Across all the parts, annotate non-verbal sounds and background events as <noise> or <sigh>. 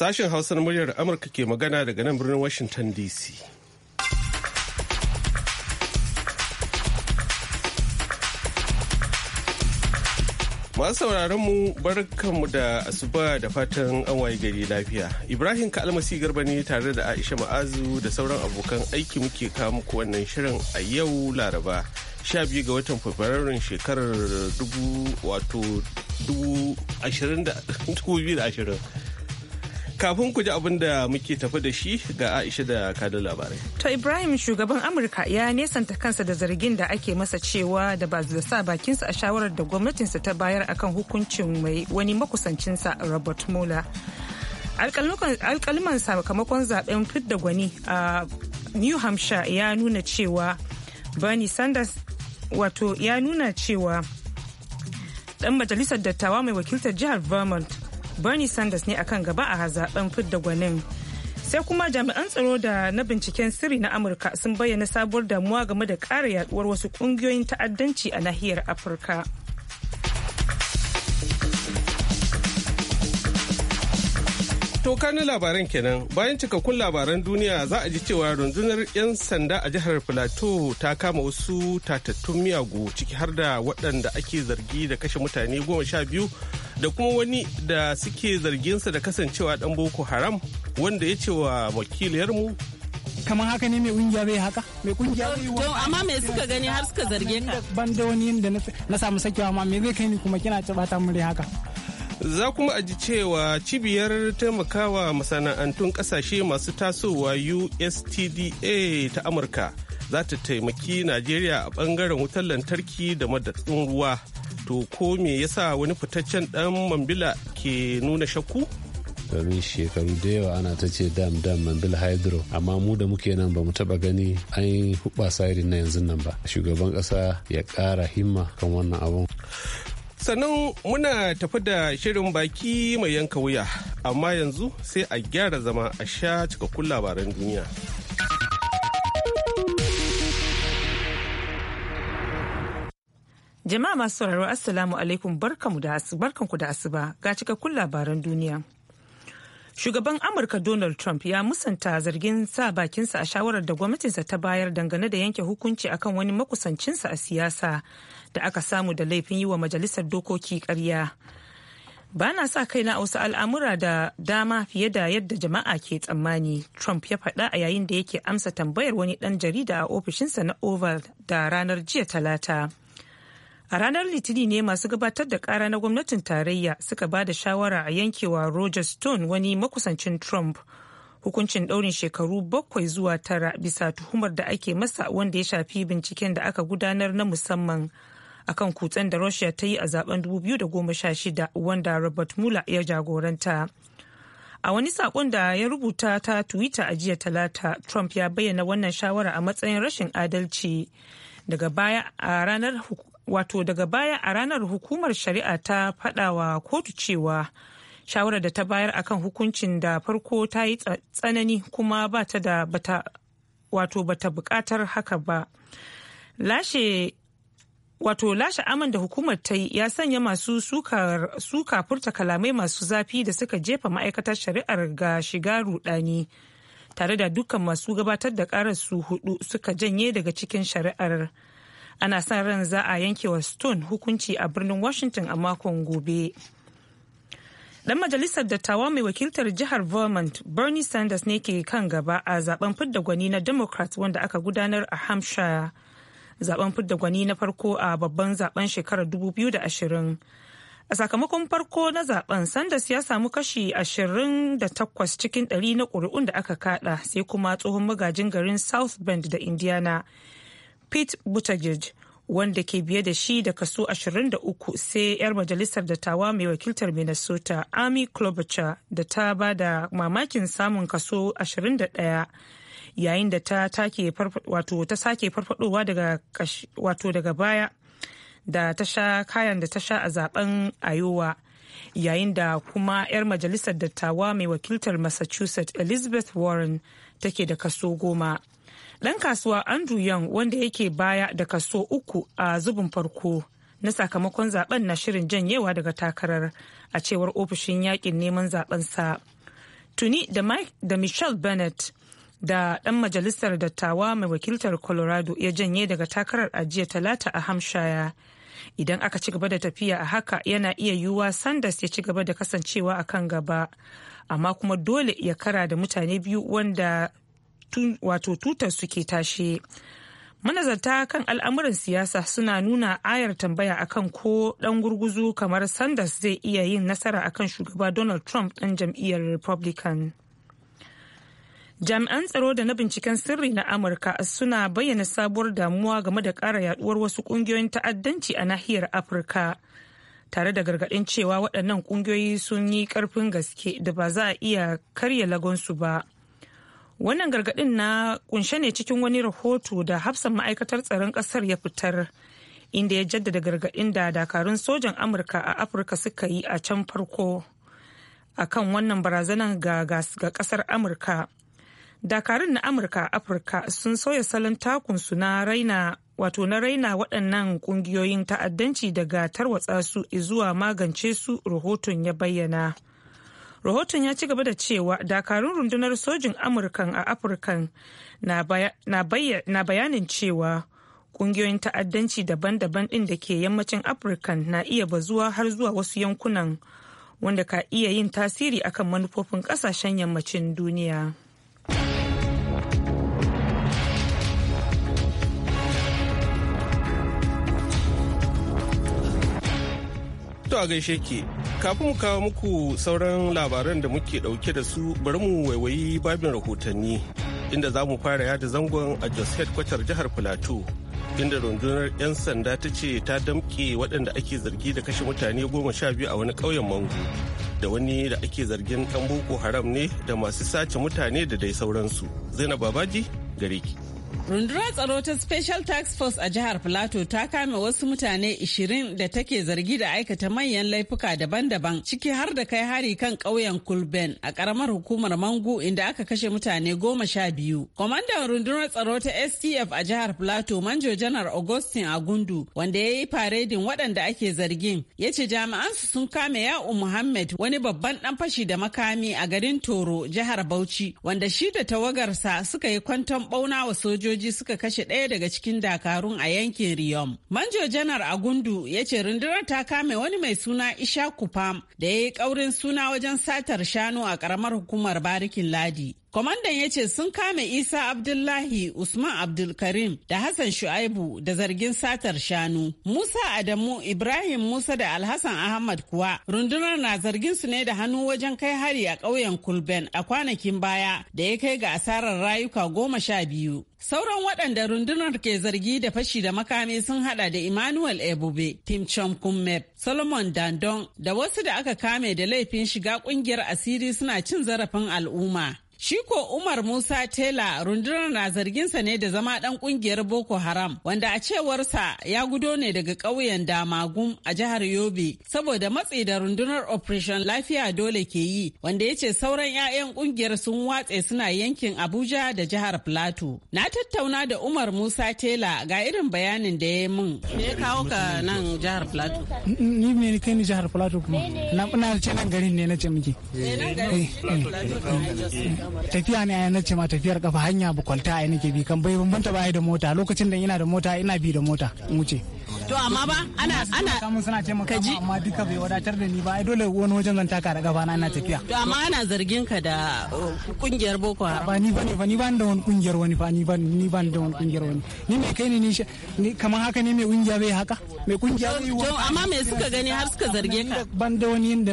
Sashen Hausa na muryar Amurka ke magana daga nan birnin Washington DC. Masu sauraron mu barkanmu da asuba da fatan an waye gari lafiya. Ibrahim Kalmasi Garba ne tare da Aisha Ma'azu da sauran abokan aiki muke kawo muku wannan shirin a yau Laraba. sha biyu ga watan Fabrairun shekarar dubu wato dubu ashirin da <laughs> dubu biyu da ashirin. Kafin ku ji abin da muke tafi da shi ga Aisha da kadin labarai. To Ibrahim shugaban Amurka ya nesanta kansa da zargin da ake masa cewa da ba da sa bakinsa a shawarar da gwamnatinsa ta bayar akan hukuncin mai wani makusancinsa Robert Mueller. Alkalman sakamakon zaben fidda gwani a New Hampshire ya nuna cewa Bernie Sanders wato ya nuna cewa dan majalisar dattawa mai wakiltar jihar Vermont bernie sanders ne akan gaba a zaben fidda gwanin sai kuma jami'an tsaro da na binciken sirri na amurka sun bayyana sabuwar damuwa game da ƙara yaduwar wasu ƙungiyoyin ta'addanci a nahiyar afirka To kanin labaran kenan bayan cikakkun labaran duniya za a ji cewa rundunar 'yan sanda a jihar Filato ta kama wasu tatattun miyagu ciki har da waɗanda ake zargi da kashe mutane goma sha biyu da kuma wani da suke zarginsa da kasancewa dan boko haram wanda ya ce wa wakiliyarmu kamar haka ne mai kungiya bai haka mai kungiya bai wa amma me suka gani har suka zarge ka ban da wani yadda na samu sakewa ma me zai kai ni kuma kina ci bata muri haka za kuma aji cewa cibiyar taimakawa masana'antun kasashe masu tasowa USTDA ta Amurka za ta taimaki Najeriya a bangaren wutar lantarki da madadin ruwa to ko me yasa wani fitaccen dan mambila ke nuna shakku domin shekaru da yawa ana ta ce dam dam mambila hydro amma mu da muke nan ba mu taba gani an yi hubasa irin na yanzu nan ba shugaban kasa ya kara himma kan wannan abun sannan muna tafi da shirin baki mai yanka wuya amma yanzu sai a gyara zama a sha cikakkun labaran duniya Jama'a masu sauraro Assalamu alaikum barkanku da asuba ga cikakkun labaran duniya. Shugaban Amurka Donald Trump ya musanta zargin sa bakinsa a shawarar da gwamnatinsa ta bayar dangane da yanke hukunci akan wani makusancinsa a siyasa da aka samu da laifin yi wa majalisar dokoki karya. Ba na sa kaina a wasu al'amura da dama fiye da yadda jama'a ke tsammani, Trump ya faɗa a yayin da yake amsa tambayar wani ɗan jarida a ofishinsa na Oval da ranar jiya talata. A ranar Litinin ne masu gabatar da kara na gwamnatin tarayya suka ba da shawara a yankewa Roger Stone wani makusancin Trump. Hukuncin ɗaurin shekaru bakwai zuwa tara bisa tuhumar da ake masa wanda ya shafi binciken da aka gudanar na musamman akan kutsen da Russia ta yi a zaben 2016 wanda Robert Mueller ya jagoranta. A wani saƙon da ya rubuta ta Twitter a jiya talata, Trump ya bayyana wannan shawara a matsayin rashin adalci. daga baya a ranar wato daga baya a ranar hukumar shari'a ta faɗawa kotu cewa shawarar da ta bayar akan hukuncin da farko ta yi tsanani kuma ba ta da wato bata bukatar haka ba lashe wato lashe aman da hukumar ta yi ya sanya masu suka furta kalamai masu zafi da suka jefa ma'aikatar shari'ar ga shiga rudani tare da dukkan masu gabatar da karar su hudu suka janye daga cikin shari'ar ana san ran za a yanke wa stone hukunci a birnin washington a makon gobe dan majalisar dattawa mai wakiltar jihar vermont bernie sanders ne ke kan gaba a zaben fidda gwani na democrat wanda aka gudanar a hampshire zaben fidda gwani na farko a babban zaben shekarar 2020 a sakamakon farko na zaben sanders ya samu kashi 28 cikin 100 na ƙuri'un da aka kada sai kuma tsohon magajin garin south bend da indiana pete buttigieg wanda ke biye da shi da kaso 23 sai 'yar majalisar dattawa mai wakiltar minnesota amy klobuchar da ta ba da mamakin samun kaso 21 yayin da ta sake farfadowa daga wato daga baya da ta sha kayan da ta sha a zaben ayowa yayin da kuma 'yar majalisar dattawa mai wakiltar massachusetts elizabeth warren take da kaso goma Ɗan kasuwa Andrew Young wanda yake baya da kaso uku a zubin farko na sakamakon zaben na shirin janyewa daga takarar a cewar ofishin yakin neman zaben sa. Tuni da Mike da Michelle Bennett da ɗan majalisar dattawa mai wakiltar Colorado ya janye daga takarar ajiya talata a hamshaya Idan aka ci gaba da tafiya a haka yana iya yiwuwa Sanders ya ci gaba da kasancewa a kan gaba. Amma kuma dole ya kara da mutane biyu wanda wato tutar suke tashe manazarta kan al'amuran siyasa suna nuna ayar tambaya akan ko dan gurguzu kamar sanders zai iya yin nasara akan shugaba donald trump dan jam'iyyar republican jami'an tsaro da na binciken sirri na amurka suna bayyana sabuwar damuwa game da ƙara yaduwar wasu ƙungiyoyin ta'addanci a nahiyar afirka tare da gargaɗin cewa waɗannan ƙungiyoyi sun yi ƙarfin gaske da ba za a iya karya lagonsu ba wannan gargaɗin na kunshe ne cikin wani rahoto da hafsan ma'aikatar tsaron ƙasar ya fitar inda ya jaddada gargaɗin da dakarun sojan amurka a afirka suka yi a can farko a kan wannan barazanar ga ƙasar amurka dakarun na amurka a afirka sun sauya salon takunsu na raina wato na raina waɗannan ƙungiyoyin ta'addanci daga tarwatsa su zuwa magance su rahoton ya bayyana. rahoton ya ci gaba da cewa dakarun rundunar sojin amurkan a afirkan na bayanin cewa kungiyoyin ta'addanci daban-daban ɗin da ke yammacin afirkan na iya bazuwa har zuwa wasu yankunan wanda ka iya yin tasiri akan manufofin ƙasashen yammacin duniya. To a gaishe ke, kafin mu kawo muku sauran labaran da muke ɗauke da su bari mu waiwayi babin rahotanni inda za mu fara yada zangon a Jos kwatar jihar Filato. Inda rundunar 'yan sanda ta ce ta damƙe waɗanda ake zargi da kashe mutane goma sha biyu a wani ƙauyen Mango. Da wani da ake zargin ɗan Boko Haram ne da masu sace mutane da dai sauransu. Zainab Babaji gare ki. Rundunar tsaro ta Special Task Force a jihar Plateau ta kame wasu mutane 20 da take zargi da aikata manyan laifuka daban-daban ciki har da kai hari kan ƙauyen Kulben a ƙaramar hukumar Mangu inda aka kashe mutane goma sha biyu. Kwamandan rundunar tsaro ta STF a jihar Plateau Manjo Janar Augustin Agundu wanda ya yi faredin waɗanda ake zargin ya ce jami'an su sun kame Ya'u muhammed wani babban ɗan fashi da makami a garin Toro jihar Bauchi wanda shi da tawagarsa suka yi kwanton ɓauna wa soji. sojoji suka kashe ɗaya daga cikin dakarun a yankin Riyom. Manjo Janar Agundu ya ce rundunar ta kame wani mai suna Ishaku fam da ya yi ƙaurin suna wajen satar shanu a ƙaramar hukumar Barikin Ladi. Kwamandan ya ce sun kame Isa Abdullahi Usman Abdulkarim da Hassan Shu'aibu da zargin satar shanu. Musa Adamu Ibrahim Musa da Alhassan Ahmad kuwa rundunar na zargin su ne da hannu wajen kai hari a ƙauyen Kulben a kwanakin baya da ya kai ga asarar rayuka goma sha biyu. Sauran waɗanda rundunar ke zargi da fashi da makami sun hada da Emmanuel Ebube, Tim Chom Solomon Dandong da wasu da aka kame da laifin shiga ƙungiyar asiri suna cin zarafin al'umma. Shi ko Umar Musa Tela rundunar na zarginsa ne da zama dan ƙungiyar Boko Haram wanda a cewarsa ya gudo ne daga ƙauyen Damagum a jihar Yobe saboda matsi da rundunar Operation Lafiya dole ke yi wanda ya ce sauran 'ya'yan ƙungiyar sun watse suna yankin Abuja da jihar Plateau. Na tattauna da Umar Musa Tela ga irin bayanin da ya min. Me ya kawo ka nan jihar Plateau? Ni me kai ni jihar Plateau kuma. Na ce nan garin ne na ce miki. Eh, eh, tafiya ne a na ce ma tafiyar kafa hanya bukwalta a nake bi kan bai bambanta ba da mota lokacin da ina da mota ina bi da mota in wuce to amma ba ana ana kamu suna ce maka amma duka bai wadatar da ni ba ai dole wani wajen zan taka da gaba na ina tafiya to amma ana zargin ka da uh, kungiyar boko haram ba ni bane ba ni ban da wani kungiyar wani ba ni ban ni ban da wani kungiyar wani ni mai kai ne ni kamar haka ne mai kungiya bai haka mai kungiya bai to amma me suka gani har suka zarge ka ban da wani inda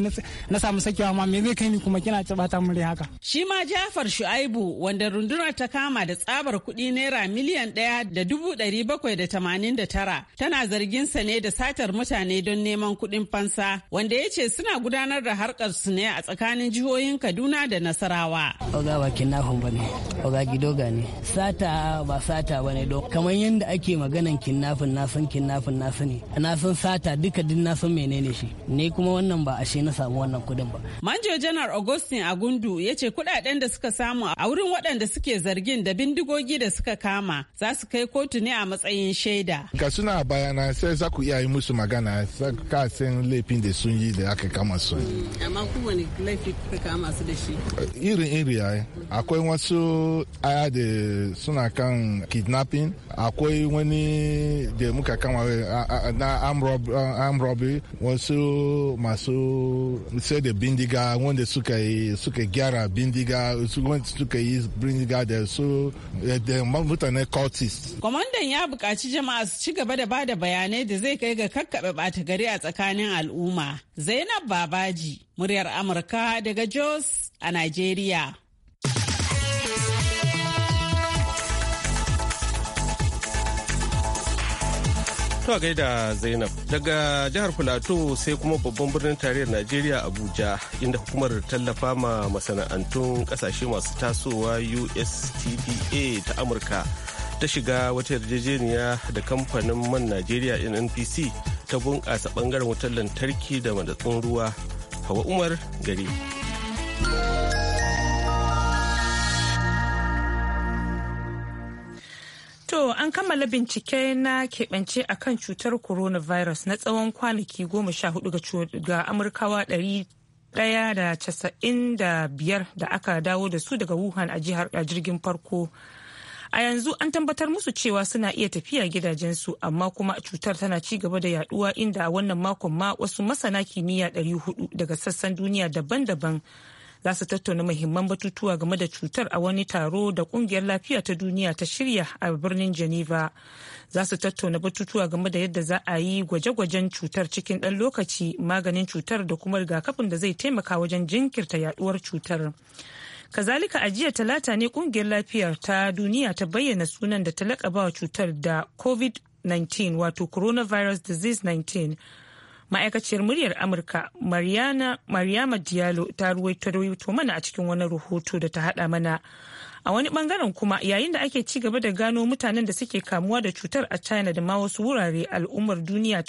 na samu sakewa amma me zai kai ni kuma kina ta mure haka shi ma Jafar Shu'aibu wanda rundunar ta kama da tsabar kuɗi naira miliyan ɗaya da dubu ɗari bakwai da tamanin da tara tana zarginsa ne da satar mutane don neman kuɗin fansa wanda ya ce suna gudanar da harkar su ne a tsakanin jihohin Kaduna da Nasarawa. Oga ba kinnafin ba ne, oga gidoga ne. Sata ba sata ba ne don kamar yadda ake maganan kinnafin na san kinnafin na sani. Na san sata duka din na san menene shi. Ne kuma wannan ba ashe na samu wannan kuɗin ba. Manjo Janar Augustin Agundu ya ce kuɗaɗen da suka samu a wurin waɗanda suke zargin da bindigogi da suka kama za su kai kotu ne a matsayin shaida. Ga suna bayan rana sai za ku iya yi musu magana ka san laifin da sun yi da aka kama su mm, amma kowane laifi ka kama su da shi irin iri ai akwai wasu aya da suna kan kidnapping akwai wani da muka kama eh, na arm eh, robbery wasu masu sai da bindiga wanda suka yi suka gyara bindiga wanda suka yi bindiga da su eh, da mutane cultist. Kwamandan ya buƙaci jama'a su ci gaba da ba da bayanai da zai kai ga kakkaɓe ɓata gari a tsakanin al'umma. Zainab Babaji, muryar Amurka daga Jos a Najeriya. To gaida Zainab daga jihar Filato sai kuma babban birnin tarayyar Najeriya Abuja inda hukumar tallafa ma masana'antun kasashe masu tasowa USTDA ta Amurka ta shiga wata yarjejeniya da kamfanin man najeriya nnpc ta bunƙasa ɓangaren wutar lantarki da madatsun ruwa hawa umar gari To an kammala bincike na keɓance a kan cutar coronavirus na tsawon kwanaki goma sha hudu ga Amurkawa ɗari ɗaya da casa'in da biyar da aka dawo da su daga Wuhan a jirgin farko a yanzu an tabbatar musu cewa suna iya tafiya gidajensu amma kuma cutar tana ci gaba da yaduwa inda a wannan makon ma wasu masana kimiyya 400 daga sassan duniya daban-daban za su tattauna muhimman batutuwa game da cutar a wani taro da kungiyar lafiya ta duniya ta shirya a birnin geneva za su tattauna batutuwa game da yadda za a yi gwaje-gwajen cutar cikin ɗan lokaci maganin cutar da kuma rigakafin da zai taimaka wajen jinkirta yaduwar cutar. Kazalika a jiya talata ne kungiyar lafiyar ta duniya ta bayyana sunan da ta laƙabawa cutar da COVID-19 wato coronavirus disease 19. Ma'aikaciyar muryar Amurka mariana Mariama Diallo ta ruwaito mana a cikin wani rahoto da ta haɗa mana. a wani bangaren kuma yayin da ake ci gaba da gano mutanen da suke kamuwa da cutar a china da ma wasu wurare al'ummar duniya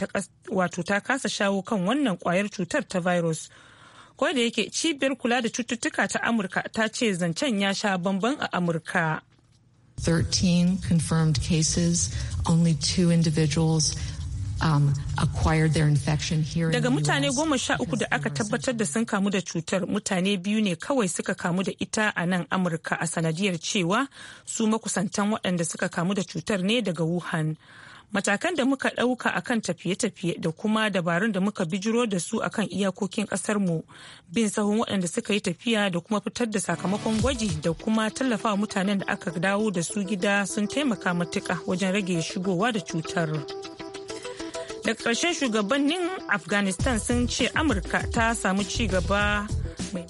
wato ta kasa shawo kan wannan kwayar cutar ta virus ko da yake cibiyar kula da cututtuka ta amurka ta ce zancen ya sha bamban a amurka 13 confirmed cases only two individuals Um, acquired their infection here Daga mutane goma sha uku da aka tabbatar da sun kamu da cutar mutane biyu ne kawai suka kamu da ita a nan Amurka a sanadiyar cewa su makusantan waɗanda suka kamu da cutar ne daga Wuhan. matakan da muka ɗauka akan tafiye-tafiye da kuma dabarun da muka bijiro da su akan iyakokin mu bin sahun waɗanda suka yi tafiya da kuma fitar da sakamakon gwaji da kuma tallafa mutanen da aka dawo da su gida sun taimaka matuka wajen rage shigowa da cutar. daga ƙarshen shugabannin afghanistan sun ce amurka ta samu ci gaba mai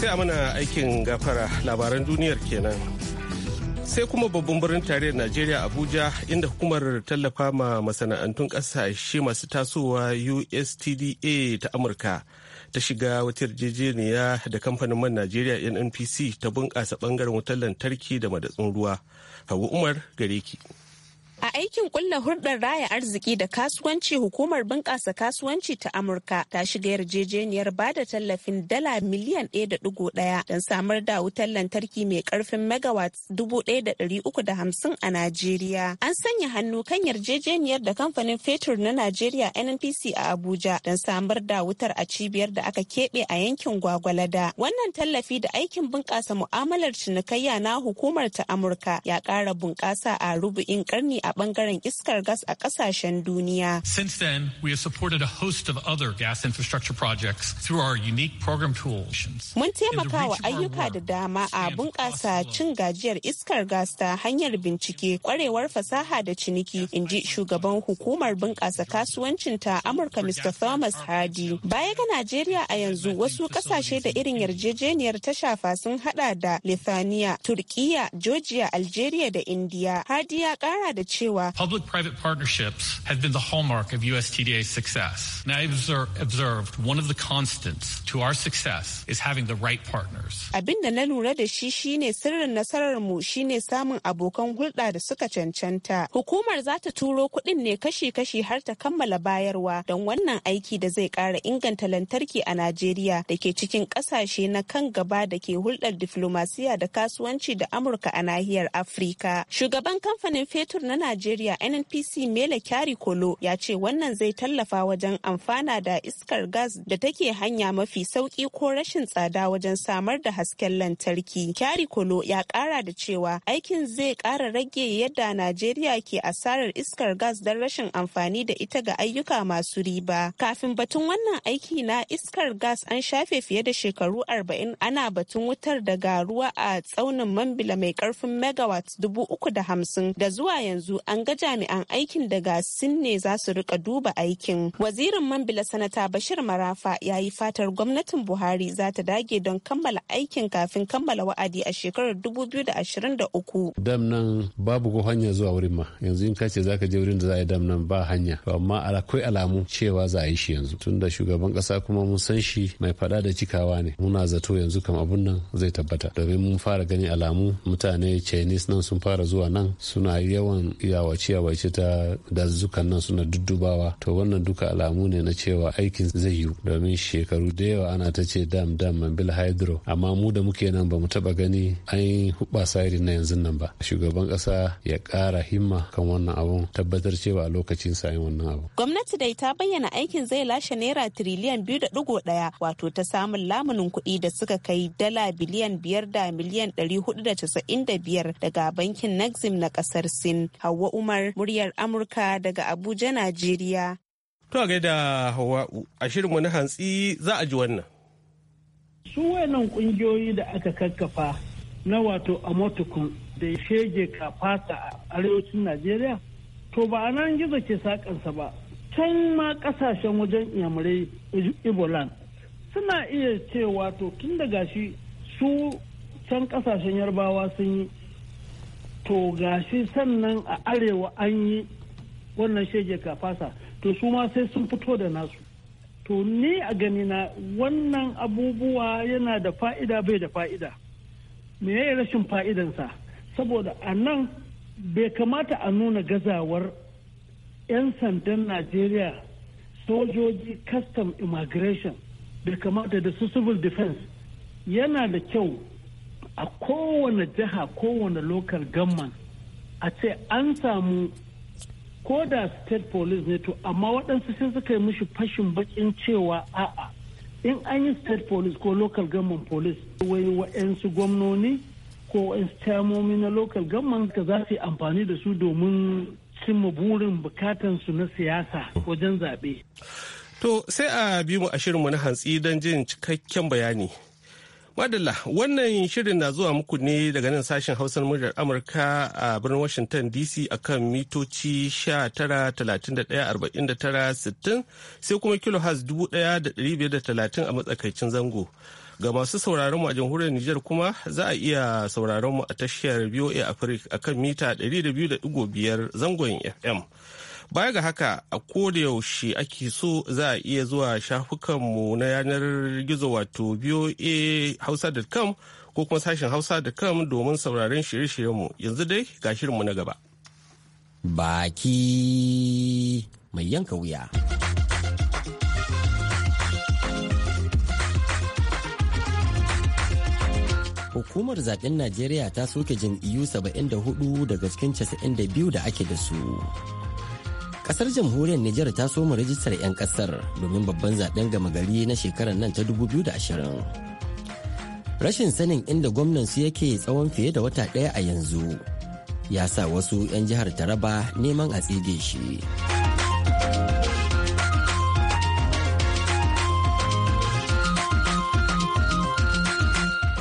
sai a mana aikin gafara labaran duniyar kenan. sai kuma babban birnin tarayyar najeriya abuja inda hukumar tallafa ma masana'antun ƙasashe masu tasowa ustda ta amurka ta shiga wata yarjejeniya da kamfanin man najeriya nnpc ta bunƙasa ɓangaren wutar lantarki da madatsun ruwa hagu umar gareki. ki. A aikin kulla hurɗar raya arziki da kasuwanci hukumar bunƙasa kasuwanci ta Amurka ta shiga yarjejeniyar ba da tallafin dala miliyan ɗaya, don samar da wutar lantarki mai ƙarfin megawatts 1,350 a Najeriya. An sanya hannu kan yarjejeniyar da kamfanin fetur na Najeriya NNPC a Abuja don samar da wutar a cibiyar da aka keɓe a yankin Gwagwalada. Wannan tallafi da aikin bunƙasa mu'amalar cinikayya na hukumar ta Amurka ya ƙara bunƙasa a rubu'in ƙarni a a bangaren iskar gas a kasashen duniya. Since then, we have supported a host of other gas infrastructure projects through our unique program tools. Mun taimaka wa ayyuka da dama a bunƙasa cin gajiyar iskar gas ta hanyar bincike, kwarewar fasaha da ciniki, in ji shugaban hukumar bunƙasa kasuwancin ta Amurka Mr. Thomas Hardy. Baya ga Najeriya a yanzu wasu ƙasashe da irin yarjejeniyar ta shafa sun hada da Lithuania, Turkiya, Georgia, Algeria da India. Hardy ya ƙara da cewa public-private partnerships have been the hallmark of USTDA's success. And I've observed one of the constants to our success is having the right partners. Abin da na lura da shi shine sirrin nasarar mu shine samun abokan hulɗa da suka cancanta. Hukumar za ta turo kuɗin ne kashi-kashi har ta kammala bayarwa don wannan aiki da zai ƙara inganta lantarki a Najeriya da ke cikin ƙasashe na kan gaba da ke hulɗar diflomasiya da kasuwanci da Amurka a nahiyar Afirka. Shugaban kamfanin fetur na Najeriya NNPC Mele Kyari Kolo ya ce wannan zai tallafa wajen amfana da iskar gas da take hanya mafi sauki ko rashin tsada wajen samar da hasken lantarki. Kyari Kolo ya kara da cewa aikin zai kara rage yadda Najeriya ke asarar iskar gas don rashin amfani da ita ga ayyuka masu riba. Kafin batun wannan aiki na iskar gas an shafe fiye da shekaru 40 ana batun wutar daga ruwa a tsaunin Mambila mai karfin megawatt dubu uku da hamsin da zuwa yanzu yanzu an ga jami'an aikin daga sin ne za su rika duba aikin. Wazirin mambila sanata Bashir Marafa ya yi fatar gwamnatin Buhari za ta dage don kammala aikin kafin kammala wa'adi a shekarar 2023. Dam nan babu ko hanya zuwa wurin ma yanzu in kace ka je wurin da za a yi dam nan ba hanya amma akwai alamu cewa za a yi shi yanzu tunda shugaban kasa kuma mun san shi mai fada da cikawa ne muna zato yanzu kam abun nan zai tabbata domin mun fara gani alamu mutane Chinese nan sun fara zuwa nan suna yawan yawace-yawace ta dazuzzukan nan suna duddubawa to wannan duka alamu ne na cewa aikin zai yiwu domin shekaru da yawa ana ta ce dam dam man bil hydro amma mu da muke nan bamu mu taba gani an yi hubasa irin na yanzu nan ba shugaban kasa ya ƙara himma kan wannan abun tabbatar cewa a lokacin sa wannan abu gwamnati dai ta bayyana aikin zai lashe naira tiriliyan biyu da digo daya wato ta samun lamunin kuɗi da suka kai dala biliyan biyar da miliyan ɗari hudu da casa'in da biyar daga bankin Nexim na ƙasar sin Hauwa Umar muryar Amurka daga Abuja, Najeriya. To a gaida a shirinmu na hantsi za a ji wannan. Su wayannan kungiyoyi da aka kakkafa na wato motokun da ya shege kafasa a arewacin Najeriya, to ba a nan gizo ke sakansa ba. Can ma ƙasashen wajen Iyamurai Ibolan suna iya cewa to tun da gashi su can kasashen Yarbawa sun yi to gashi sannan a arewa an yi wannan shege kafasa to su ma sai sun fito da nasu to ni a gani na wannan abubuwa yana da fa'ida bai da fa'ida me ya rashin fa'idansa saboda a nan bai kamata a nuna gazawar 'yan sandan najeriya sojoji custom immigration bai kamata da su civil defense yana da kyau a kowane jiha kowane lokal gamman a ce an samu ko da state police ne to amma waɗansu sai suka yi mushi fashin bakin cewa a'a in an yi state police ko local government police wai wa'yansu gwamnoni ko wa'yansu tamomi na local government ka za su yi amfani da su domin cimma burin bukatansu na siyasa wajen zaɓe. To sai a bi mu a shirinmu na hantsi don jin cikakken bayani. Madalla wannan shirin na zuwa muku ne daga nan sashen hausar muryar Amurka a birnin Washington DC akan mitoci 19,31,49,60 sai kuma kilohaz 1,530 a matsakaicin zango. Ga masu sauraron mu a jamhuriyar Nijar kuma za a iya sauraron mu a tashar VOA Africa akan mita 200.5 zangon FM. Baya ga haka a kodayaushe yaushe ake so za a iya zuwa shafukanmu na yanar gizo wato hausa.com ko kuma sashen hausa.com domin sauraron shirye-shiryenmu yanzu dai ga shirinmu na gaba. Baki mai yanka wuya. hukumar zaben najeriya ta soke jam'iyyu 74 daga cikin 92 da ake da su kasar jamhuriyar Nijar ta soma rajistar 'yan kasar domin babban zaben gama gari na shekarar nan ta 2020. Rashin sanin inda gwamnan su yake tsawon fiye da wata ɗaya a yanzu ya sa wasu 'yan jihar Taraba neman a tsige shi.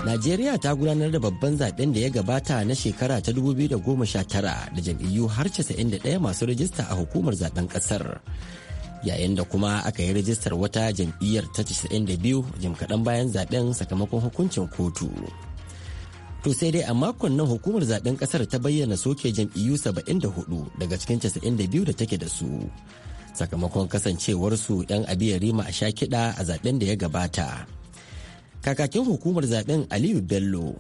Najeriya ta gudanar da babban zaben da ya gabata na shekara ta 2019 da jam'iyyu har 91 masu rajista a hukumar zaben kasar. Yayin da kuma aka yi rajistar wata jam'iyyar ta 92 jim kaɗan bayan zaben sakamakon hukuncin kotu. To sai dai a makon nan hukumar zaben kasar ta bayyana soke jam'iyyu 74 daga cikin 92 da take da su. Sakamakon kasancewarsu 'yan yarima a sha kiɗa a zaben da ya gabata. kakakin hukumar zaben aliyu bello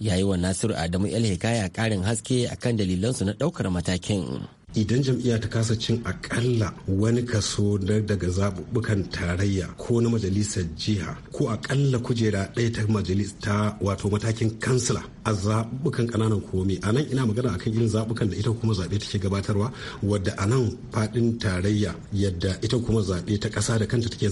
ya yi wa nasiru adamu el hikaya karin haske akan dalilansu na ɗaukar matakin idan jam'iyya ta kasa cin akalla wani kaso daga zaɓuɓɓukan tarayya ko na majalisar jiha ko akalla kujera ɗaya ta majalis ta wato matakin kansila a zaɓuɓɓukan ƙananan komi a nan ina magana akan irin zaɓukan da ita kuma zaɓe take gabatarwa wadda a nan faɗin tarayya yadda ita kuma zaɓe ta ƙasa da kanta take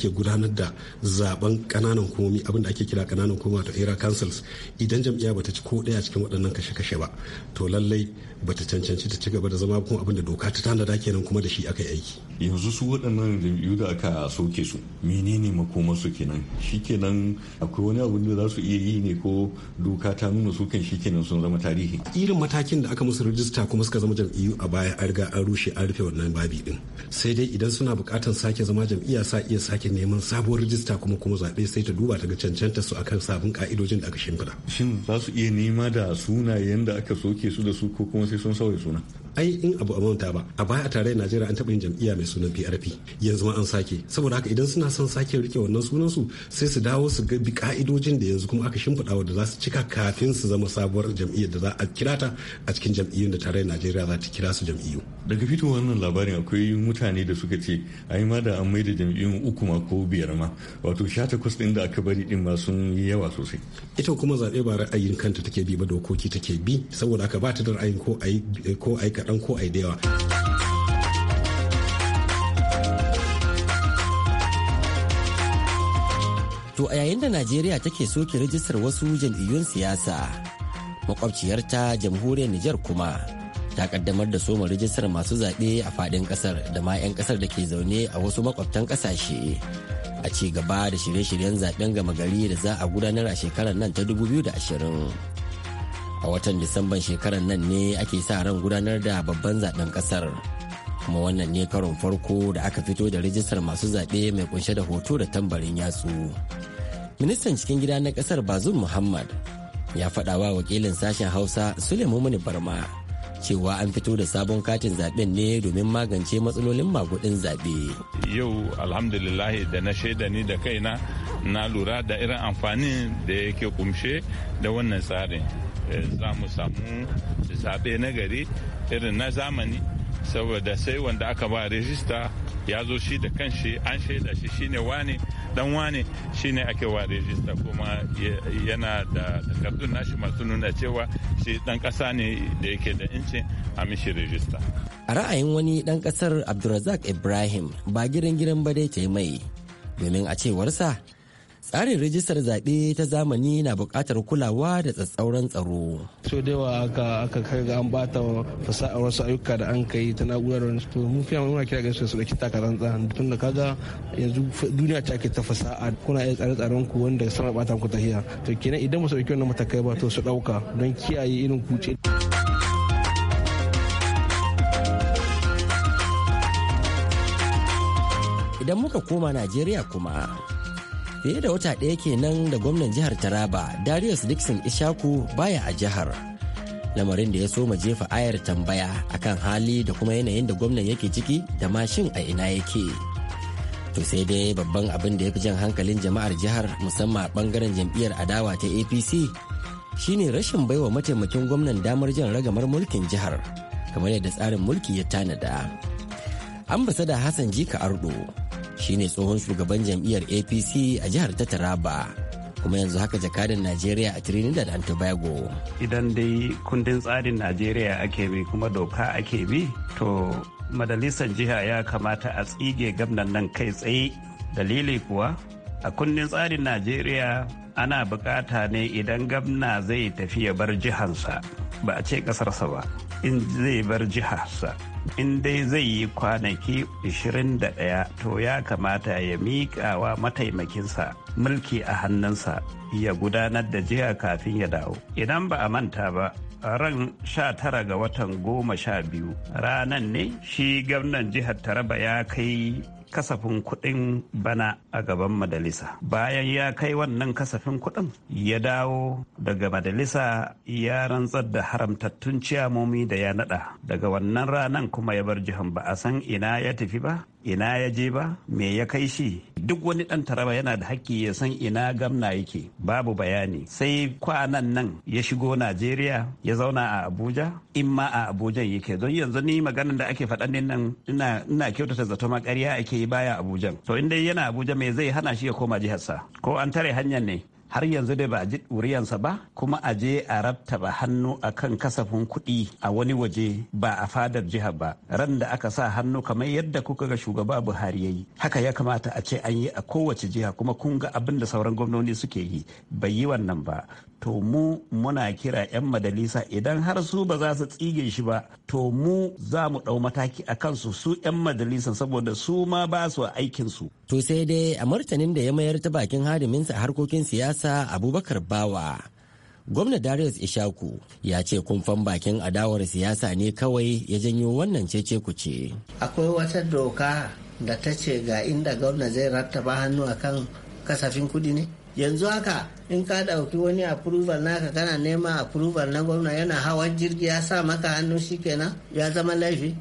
take gudanar da zaɓen ƙananan komi abin da ake kira ƙananan komi wato era councils idan jam'iyya bata ci ko ɗaya cikin waɗannan kashe-kashe ba to lallai bata cancanci ta ci gaba da zama kuma da doka ta tanada kenan kuma da shi aka yi aiki yanzu su waɗannan jam'iyyu da aka soke su menene makomarsu kenan shikenan akwai wani abu da za su iya yi ne ko doka ta nuna su kan shikenan sun zama tarihi irin matakin da aka musu rijista kuma suka zama jam'iyyu a baya an riga an rushe an rufe wannan babi din sai dai idan suna buƙatar sake zama jam'iyya sa iya sake neman sabuwar rijista kuma kuma zaɓe sai ta duba ta ga cancanta su akan sabon ka'idojin da aka shimfiɗa shin za su iya nema da sunayen da aka soke su da su ko kuma 是受收的呢？ai in abu a manta ba a baya a tarayyar najeriya an taɓa yin jam'iyya mai sunan prp yanzu ma an sake saboda haka idan suna son sake rike wannan sunan su sai su dawo su ga bi ka'idojin da yanzu kuma aka shimfiɗa wa da za su cika kafin su zama sabuwar jam'iyyar da za a kira ta a cikin jam'iyyun da tare najeriya za ta kira su jam'iyyu daga fito wannan labarin akwai mutane da suka ce ai ma da an maida jam'iyyun uku ma ko biyar ma wato sha takwas ɗin da aka bari ɗin ma sun yi yawa sosai ita kuma zaɓe ba ra'ayin kanta take bi ba dokoki take bi saboda haka ba ta da ra'ayin ko ai ko ai kaɗan ko ai da yawa To a yayin da Najeriya take soke rijistar wasu jam'iyyun siyasa, makwabciyarta jamhuriyar Nijar kuma ta kaddamar da soma rijistar masu zaɓe a faɗin ƙasar da ma 'yan ƙasar da ke zaune a wasu makwabtan ƙasashe. A ci gaba da shirye-shiryen zaɓen gama gari da za a gudanar a shekarar nan ta 2020. a watan disamban shekarar nan ne ake sa ran gudanar da babban zaben kasar kuma wannan ne karon farko da aka fito da rijistar masu zaɓe mai kunshe da hoto da tambarin yatsu ministan cikin gida na kasar bazul muhammad ya faɗa wa wakilin sashen hausa suleiman barma cewa an fito da sabon katin zaben ne domin magance matsalolin magudin zaɓe. yau alhamdulillahi da na shaida ni da kaina na lura da irin amfanin da yake kumshe da wannan tsarin Eh, za mu samu zaɓe na gari irin na zamani saboda sai wanda aka ba rejista ya zo shi da kanshi an shaida shi shine wane dan wane shine ake wa rejista kuma yana da takardun nashi masu nuna cewa shi dan kasa ne da yake da incin a mishi rejista a ra'ayin wani dan kasar abdulrazak ibrahim ba girin girin ba dai ta yi mai domin a cewarsa tsarin rijistar zaɓe ta zamani na buƙatar kulawa da tsatsauran tsaro. so da yawa aka aka kai ga an bata fasahar wasu ayyuka da an kai ta na'urar to Mun fiya mun kira ga su ɗauki takarar tsaron tun da kaga yanzu duniya ta ke ta fasaha kuna iya tsare-tsaren ku wanda sama bata ku tahiya to kenan idan ba su ɗauki wannan matakai ba to su ɗauka don kiyaye irin kuce. idan muka koma najeriya kuma fiye da wata ɗaya kenan da gwamnan jihar taraba darius dixon ishaku baya a jihar lamarin da ya so jefa ayar tambaya akan hali da kuma yanayin da gwamnan yake ciki da mashin a ina yake to sai dai babban abin da ya fi jan hankalin jama'ar jihar musamman a bangaren jam'iyyar adawa ta apc shine rashin baiwa mataimakin gwamnan damar jan ragamar mulkin jihar kamar yadda tsarin mulki ya tanada ambasada hassan jika ardo shine tsohon shugaban jam'iyyar apc a jihar ta taraba kuma yanzu haka jakadan najeriya a trinidad and tobago idan dai kundin tsarin najeriya ake bi kuma doka ake bi to majalisar jiha ya kamata a tsige gamnan nan kai tsaye dalili kuwa a kundin tsarin najeriya ana bukata ne idan gamna zai tafi ya bar jihansa ba a ce kasarsa ba in zai bar jiharsa in dai zai yi kwanaki 21 to ya kamata ya miƙa wa mataimakinsa mulki a hannunsa ya gudanar da jiha kafin ya dawo idan ba a manta ba ran 19 ga watan goma sha biyu ranan ne shi gamnan jihar taraba ya kai kasafin kuɗin bana a gaban majalisa bayan ya kai wannan kasafin kuɗin ya dawo daga majalisa ya rantsar da haramtattun ciyamomi da ya naɗa daga wannan ranan kuma ya bar jihan ba a san ina ya tafi ba ina ya je ba me ya kai shi duk wani dan taraba yana da haƙƙi ya san ina gamna yake babu bayani sai kwanan nan ya shigo najeriya ya zauna a abuja in ma a abuja yake don yanzu ni maganan da ake faɗan nan ina kyautata zato ma ake yi baya abuja to in dai yana abuja me zai hana shi ya koma jihar sa? ko an tare hanyar ne har yanzu dai ba a ji ɗuriyansa ba kuma a je a rabta ba hannu a kan kasafin kuɗi a wani waje ba a fadar jiha ba ran da aka sa hannu kamar yadda kuka ga shugaba buhari ya yi haka ya kamata a ce an yi a kowace jiha kuma kun ga abin da sauran gwamnoni suke yi bai yi wannan ba to mu muna kira 'yan majalisa idan har su ba za su tsige shi ba to mu za mu ɗau mataki a kansu su 'yan majalisa saboda su ma ba su aikinsu. To sai dai a martanin da ya mayar ta bakin hadiminsa a harkokin siyasa Abubakar Bawa. Gwamna Darius Ishaku ya ce kumfan bakin adawar siyasa ne kawai ya janyo wannan cece ce. Akwai wata doka da ta ce ga inda gwamna zai rattaba hannu akan kasafin kudi ne? yanzu haka in ka ɗauki wani approval naka kana nema approval na gwamna yana hawan jirgi ya sa maka hannu shikenan ya zama laifi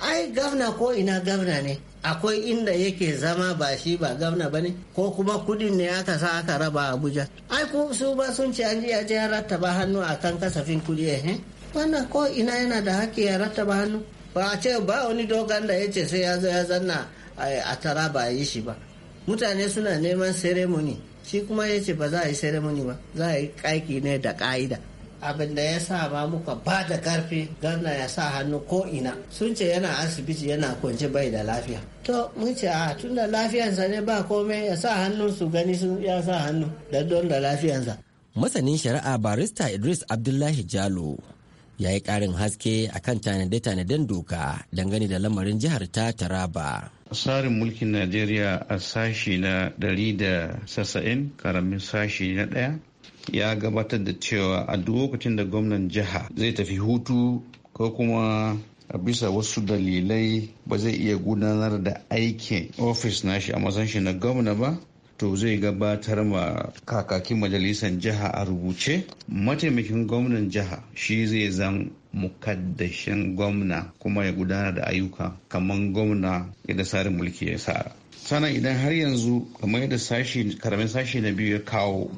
ai gavna ko ina gavna ne akwai inda yake zama ba shi ba gavna ba ne ko kuma kudin ne aka sa aka raba abuja ai ko su ba sun ce an ya je ya rattaba hannu akan kasafin kudi eh, eh wannan ko ina yana da haƙƙi ya rattaba hannu ba a ce ba wani dogon da ya ce sai ya zo ya zanna a tara ba yi shi ba mutane suna neman ceremony shi kuma ya ce ba za a yi ceremony ba za a yi aiki ne da ka'ida abin da ya sa ma muka ba da karfi garna ya sa hannu ko ina sun ce yana asibiti yana kwance bai da lafiya to mun ce a ah, tun da lafiyansa ne ba komai ya sa hannun su gani sun ya sa hannu da don da lafiyansa masanin shari'a barista idris abdullahi jalo ya yi ƙarin haske akan tanade-tanaden doka dangane da lamarin jihar ta taraba tsarin mulkin najeriya a sashi na 190 karamin sashi na daya ya gabatar da cewa a duk lokacin da gwamnan jiha zai tafi hutu ko kuma a bisa wasu dalilai ba zai iya gudanar da aikin ofis nashi a matsayin shi na gwamna ba to zai gabatar ma kakakin majalisar jiha a rubuce mataimakin gwamnan jiha shi zai zan mukaddashin gwamna kuma ya gudanar da ayyuka kamar gwamna yadda tsarin mulki ya sa sannan idan har yanzu kamar yadda sashi karamin sashi na biyu ya kawo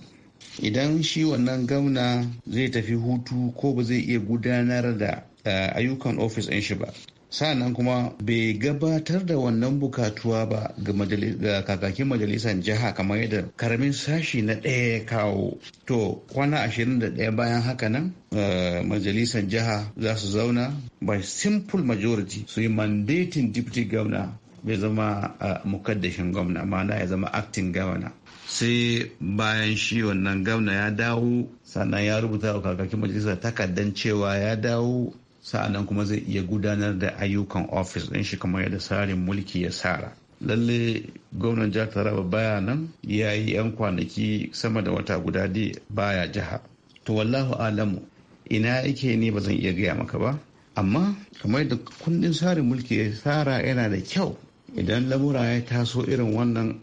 idan shi wannan gwamna zai tafi hutu ko ba zai iya gudanar da eh, ayyukan ofis ɗin shi ba sa'annan kuma bai gabatar da wannan bukatuwa ba ga kakakin majalisar jiha kamar yadda karamin sashi na ɗaya ya kawo to kwana ashirin da ɗaya bayan haka nan eh, majalisar jiha za su zauna by simple majority su yi mandating deputy governor bai zama eh, mukaddashin gwamna ma'ana ya zama acting governor sai bayan shi wannan gwamna ya dawo sannan ya rubuta wa kakakin majalisa takardar cewa ya dawo sa'annan kuma zai iya gudanar da ayyukan ofis ɗin shi kamar yadda tsarin mulki ya sara lalle gwamnan jihar taraba baya nan ya yi 'yan kwanaki sama da wata guda da baya jiha to wallahu alamu ina yake ne ba zan iya gaya maka ba amma kamar da kundin tsarin mulki ya tsara yana da kyau idan lamura ya taso irin wannan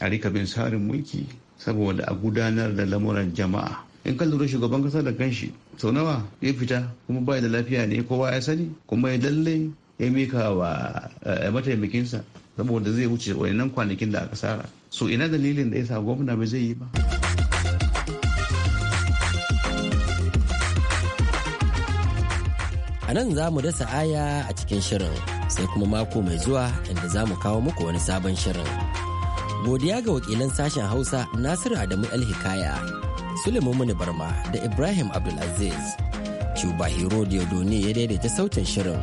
a rikabin tsarin mulki saboda a gudanar da lamuran jama'a in ka lura shugaban kasa da kanshi sau nawa ya fita kuma ba da lafiya ne kowa ya sani kuma ya lalle ya mika wa eh, mataimakinsa saboda zai wuce wayannan kwanakin da aka sara so ina dalilin da ya sa gwamna bai zai yi ba a nan za mu dasa aya a cikin shirin sai kuma mako mai zuwa inda za mu kawo muku wani sabon shirin godiya ga wakilan sashen hausa nasiru adamu alhikaya Suleiman Barma da Ibrahim Abdulaziz. Cuba Hero Diodone ya daidaita sautin shirin.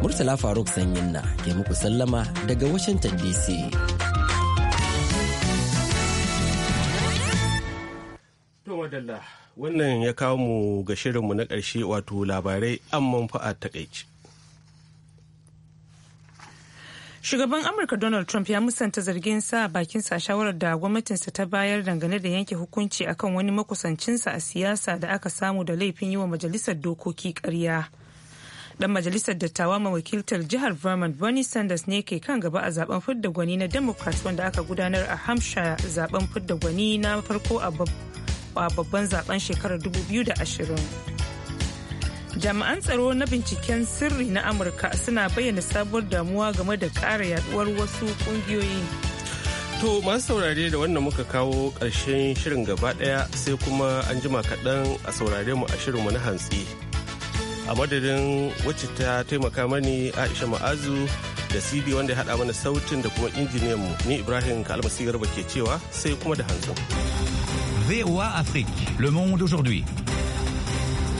Murtala Faruk sanyin na ke muku sallama daga Washington DC. to wannan ya kawo mu ga shirinmu na ƙarshe wato labarai amman fa'a takaici. Shugaban Amurka Donald Trump ya musanta zargin sa bakin sa shawarar da gwamnatinsa ta bayar dangane da yanke hukunci akan wani makusancinsa a siyasa da aka samu da laifin yi wa majalisar dokoki ƙarya. Dan majalisar dattawa wakiltar jihar Vermont Bernie Sanders ne ke kan gaba a zaben fidda gwani na Democrat wanda aka gudanar a Hampshire zaben fidda gwani na farko a babban zaben shekarar 2020. jami'an tsaro na binciken sirri na amurka suna bayyana sabuwar damuwa game da kara yaduwar wasu ƙungiyoyi to masu saurare da wannan muka kawo ƙarshen shirin gaba ɗaya sai kuma an jima kaɗan a saurare mu a shirinmu na hantsi a madadin wacce ta taimaka mani aisha ma'azu da cd wanda ya haɗa mana sautin da kuma injiniyan mu ni ibrahim kalmasi garba ke cewa sai kuma da hantsi VOA Afrique, le monde aujourd'hui.